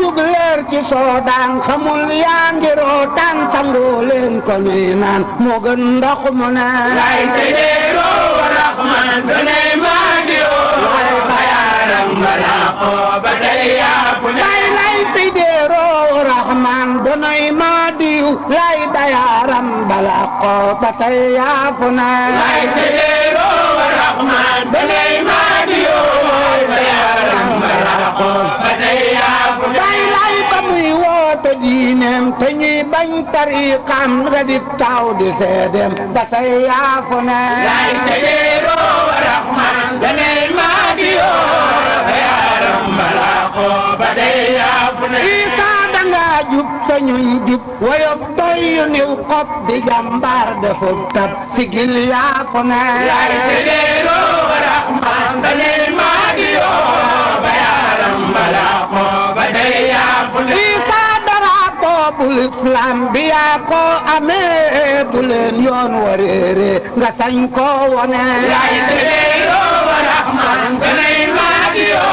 jug leer ci soodaan xamul yaa ngi rootaan sangoo leen ko ñuy naan moo gën ndox mu naan lay sideeroo raxmaan dunay maa ngi oo lay bayaaram balaa oo ba day yaafu lay lay sideeroo raxmaan dunay maa diyu lay bayaaram balaa oo ba day yaafu naan lay sideeroo raxmaan dunay maa tariqam nga di taaw di seedeem ba tey yaa fu ne yaay sedeero wa rahman danay maa di yoo yaaram malaako ba tey yaa fu ne dangaa jub sa ñuñ jub wayof toy yu niw xob di jàmbaar defub tab sigil yaa fu ne yaay sedeero islam bi yaa ko amee bu leen yoon wareere nga sañ ko wane yaay sëlee yoo wa rahman banay maa di yoo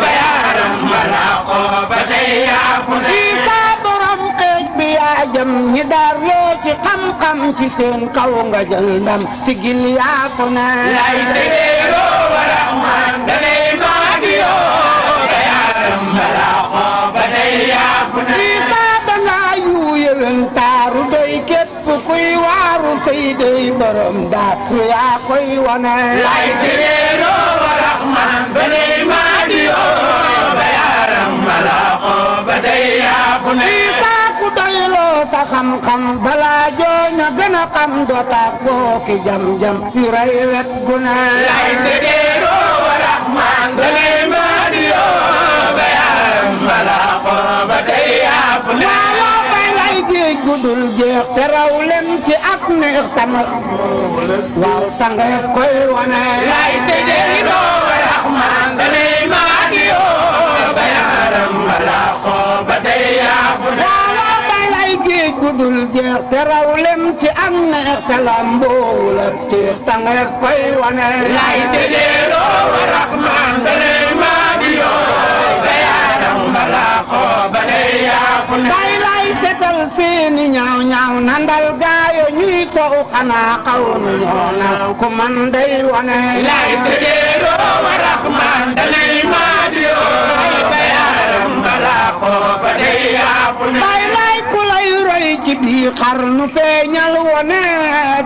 ba yaa rahman ba day yaa ku ne kii kaa borom ci xam ci seen kaw nga jël ndam sigil yaa ku ne koy dey borom daal yaa koy wane lay sireero wa raxmaan ba dey maa di oo ba yaaram ma laaxoo ba dey yaa ku ne kaa ku doyloo sa xam-xam balaa jooña gën a xam doo tàggoo ki jam-jam yu rey wet gu ne lay sireero wa raxmaan ba dey dul jeex te raw lem ci ak neex tamit waaw tànga koy wane lay te deri doo ba raxmaan danay maati yoo ba yaaram ba laaxoo ba tey yaafu naa ba lay géej gu dul jeex te raw lem ci ak neex te lamboo la teex tànga koy wane lay te deri doo ba raxmaan danay maati yoo ba yaaram ba laaxoo ba tey yaafu naa fetal seeni ñaaw ñaaw nandal gaayo ñuy kow xanaa xaw nu ñoo na ku man day wane lay sedeeroo wa raxmaan danay maadiyoo bayaaram balaa xoofa day yaafu na bay lay ku lay roy ci bii xar nu feeñal wane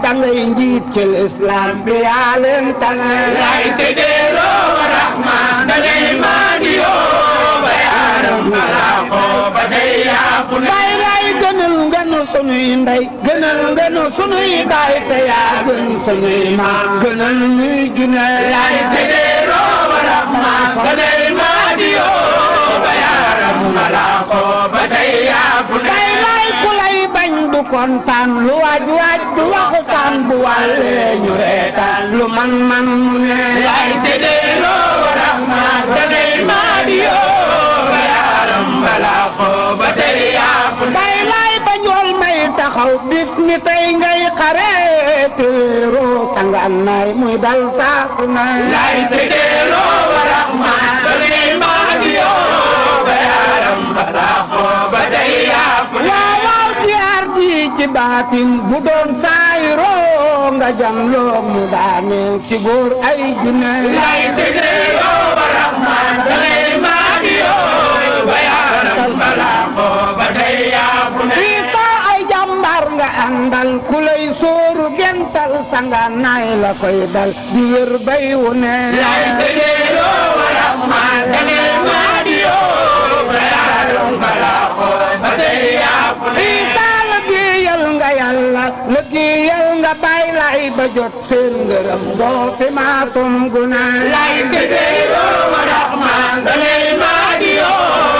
dangay njiit ci lislaam bi yaa leen tane lay sedeeroo wa raxmaan danay maadiyoo baay laay gënal nga sunuy ndey gënal nga sunuy baay te sunuy maam gënal nuy junne laay sedeeroo wa rahmaan ba day diyoo ba yaaram ma laa bañ du kontaan lu waaj waaj du waxutaan bu wàllee ñu reetaan lu man man mu ne laay sedeeroo wa rahmaan ba day diyoo day lay ba njool may taxaw bis ni tey ngay xaree téeroo sa muy dal saaku na lay si téeroo wa raxmaan ba ni maa di yoo ba yaaram ba laaxoo ba day ci baatin bu doon saayiroo nga jamloo mu daaneel ci góor ay junne lay si téeroo wa raxmaan yaram balaa booba day yaafu ne Isa ay jàmbaar nga àndal ku lay sóoru gental sanga naay la koy dal di wér bay wu ne lay tëjee loo wala maa tëjee maa di yoo ba yaram balaa booba day yaafu ne Isa la géeyal nga yàlla la géeyal nga bay lay ba jot seen ngërëm doo fi maatum guna lay tëjee loo wala maa tëjee maa di yoo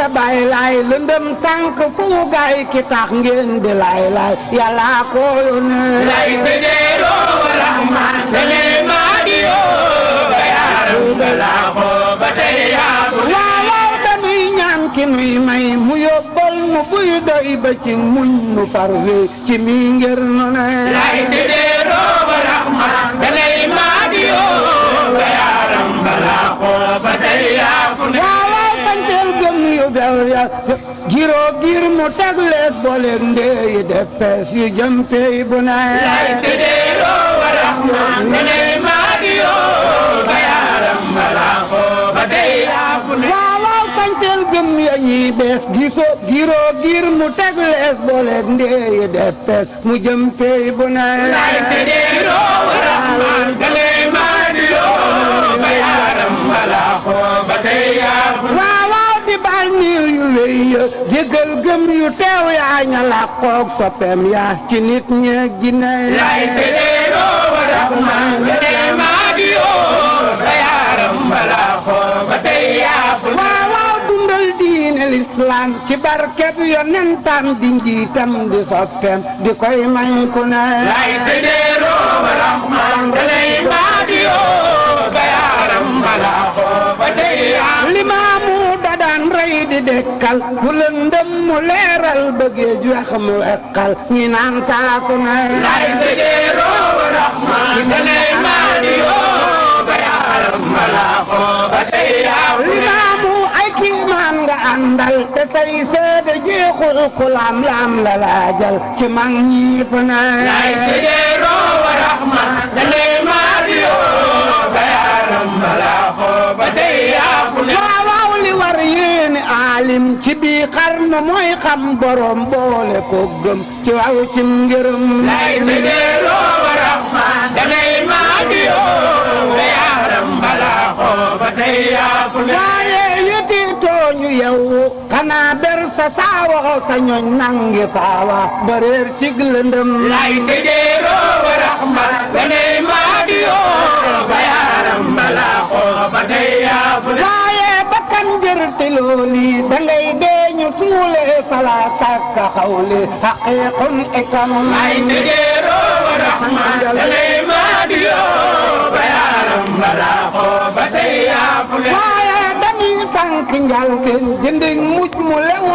te bay lay lëndëm sànq fu gay ki tax ngeen di lay lay yàlla ko yónnee lay sedeero rahman dale maa di yoo ba yaaru balaa ko ba tey yaaru waaw dañuy ñaan ki nuy may mu yóbbal nu buy doy ba ci muñ nu farwe ci mi ngir nu ne giroo gir mu tagleeg booleeg ndeeyi def pees yu jëm pey bu naay lay sédéeroo wa raxma ngeney maa di yoo ba yaaram ma laaxoo ba dey laafu ne waawaaw sañseel gëm ya ñuy bees gisoo giroo gir mu tagleeg booleeg ndeeyi def pees mu jëm pey bu naay lay sédéeroo wa raxma ya jégal gëm yu teew yaa ña làqoog soppeem yaa ci nit ña jinne yaay sédéeroo wa daf man nga dee maa di yoo ba yaaram ba làqoo ba tey yaa fu waaw waaw dundal diine lislaam ci barkeb di njiitam di soppeem di koy mañ ku ne yaay sédéeroo wa daf man nga dee maa di yoo ba yaaram ba làqoo ba tey yaa kii di dekkal mu lëndëm mu leeral bëggee ju wax mu wekkal ñi naan saaku na lay segeero raxmaan danay maani yoo ba yaaram malaaxoo ba tey yaa limaamu ay kiimaan nga àndal te say seede jeexul ku laam laam la laajal ci mag ñii fu na lay segeero raxmaan danay maani lim ci bii xarnu mooy xam borom boole ko tooñu yow xanaa ber sa saawa sa ñoñ nangi faawa ba cig lëndëm lay si deeroo wa rahmaan ويلولي دنگي دين فولي فلا سك حولي حقيق إكم أي سجيرو ورحمة دلي ما ديو بيارم براخو بتيا فلي waaye dañuy sànq njalkeen jëndiñ mucc mu lew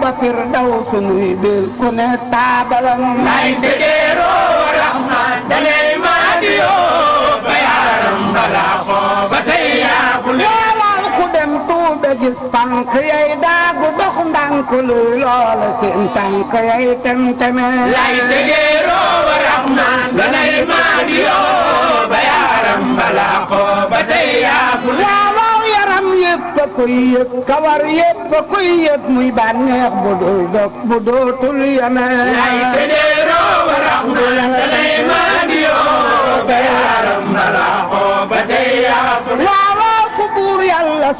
ba fir daw sunuy biir ku ne taabalam ay sëgéeroo rahman dalay maa diyoo bayaaram balaa gis tànk yay daagu dox ndànk luy loola seen tànk yay temteme lay segeeroo wa rahmaan danay maan yoo ba yaaram balaaxoo ba tey yaaku waaw yaram yépp a koy yëg kawar yépp a koy yëg muy bànneex bu dul dog bu dootul yeme lay segeeroo wa rahmaan danay maan yoo ba yaaram balaaxoo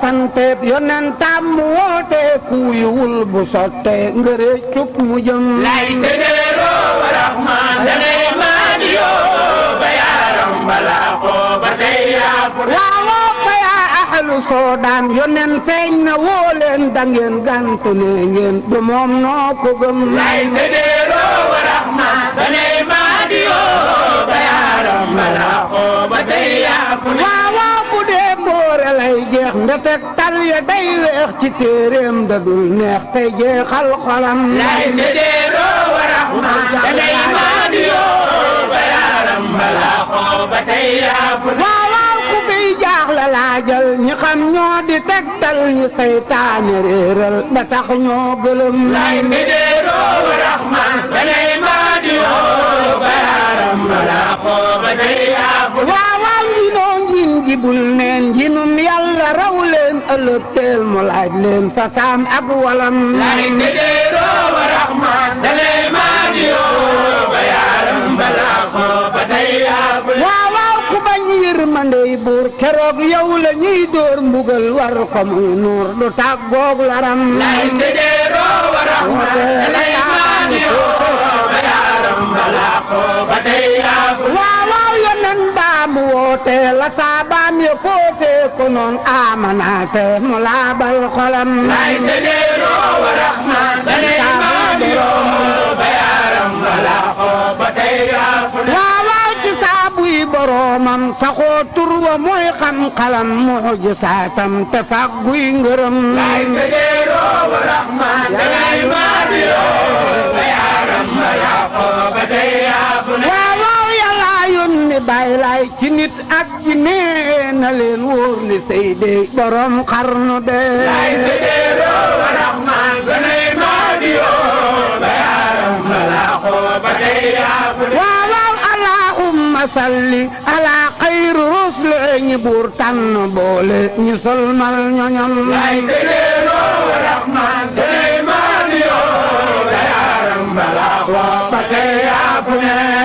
santeeb yonentam mu woote kuuyuwul bu sotte ngëre ahlu soodaan yonen feeñ woo leen dangeen gàntu ne ngeen du moom noo ko gëm lay sedeero wa rahmaan la nee maani yoo ba yaaram balaa ko ba tey yaa fu waawoo doore lay jeex ndefek tal ya day weex ci téeréem da dul neex tey jeexal xolam lay sédéero wa raxmaan da day maadi yoo ba yaaram balaa xoo ba tey yaafu waaw waaw ku fiy jaax la laajal ñi xam ñoo di tegtal ñu seytaane réeral ba tax ñoo gëlëm lay sédéero wa raxmaan da day maadi yoo ba yaaram balaa xoo ba tey yaafu jibul neen jinum yàlla raw leen ëllëg teel mu laaj leen fasaam ak walam lay tëddeeroo wa raxmaan dalee maa di yoo ba yaaram balaa ko ba tey waaw waaw ku bañ yërmandey buur keroog yow la ñuy dóor mbugal war ko muy nuur du tàggoog laram lay tëddeeroo wa raxmaan dalee maa di yoo ba yaaram balaa ko ba tey waaw waaw yonen ba mu woote la saabaam ya foote ko noon amanaate mu laabal xolam lay tegeero wa rahmaan bane imaam yoo bayaaram wala xooba tey raafu waawaaw ci saabu yi boroomam saxoo tur wa mooy xam-xalam muujisaatam te fàgguy ngërëm lay tegeero wa rahmaan bane imaam yoo bayaaram wala xooba tey raafu laay laay ci nit ak ci nee na leen wóor ni sey dey borom xarnu dee. laay raxmaan gonay maa ba yaaram ma laaxoo ba tey yaa ko dee. waaw waaw boole ñi solmal ñoñom. laay si dee doo raxmaan gonay maa ba yaaram ma laaxoo ba tey yaa ko dee.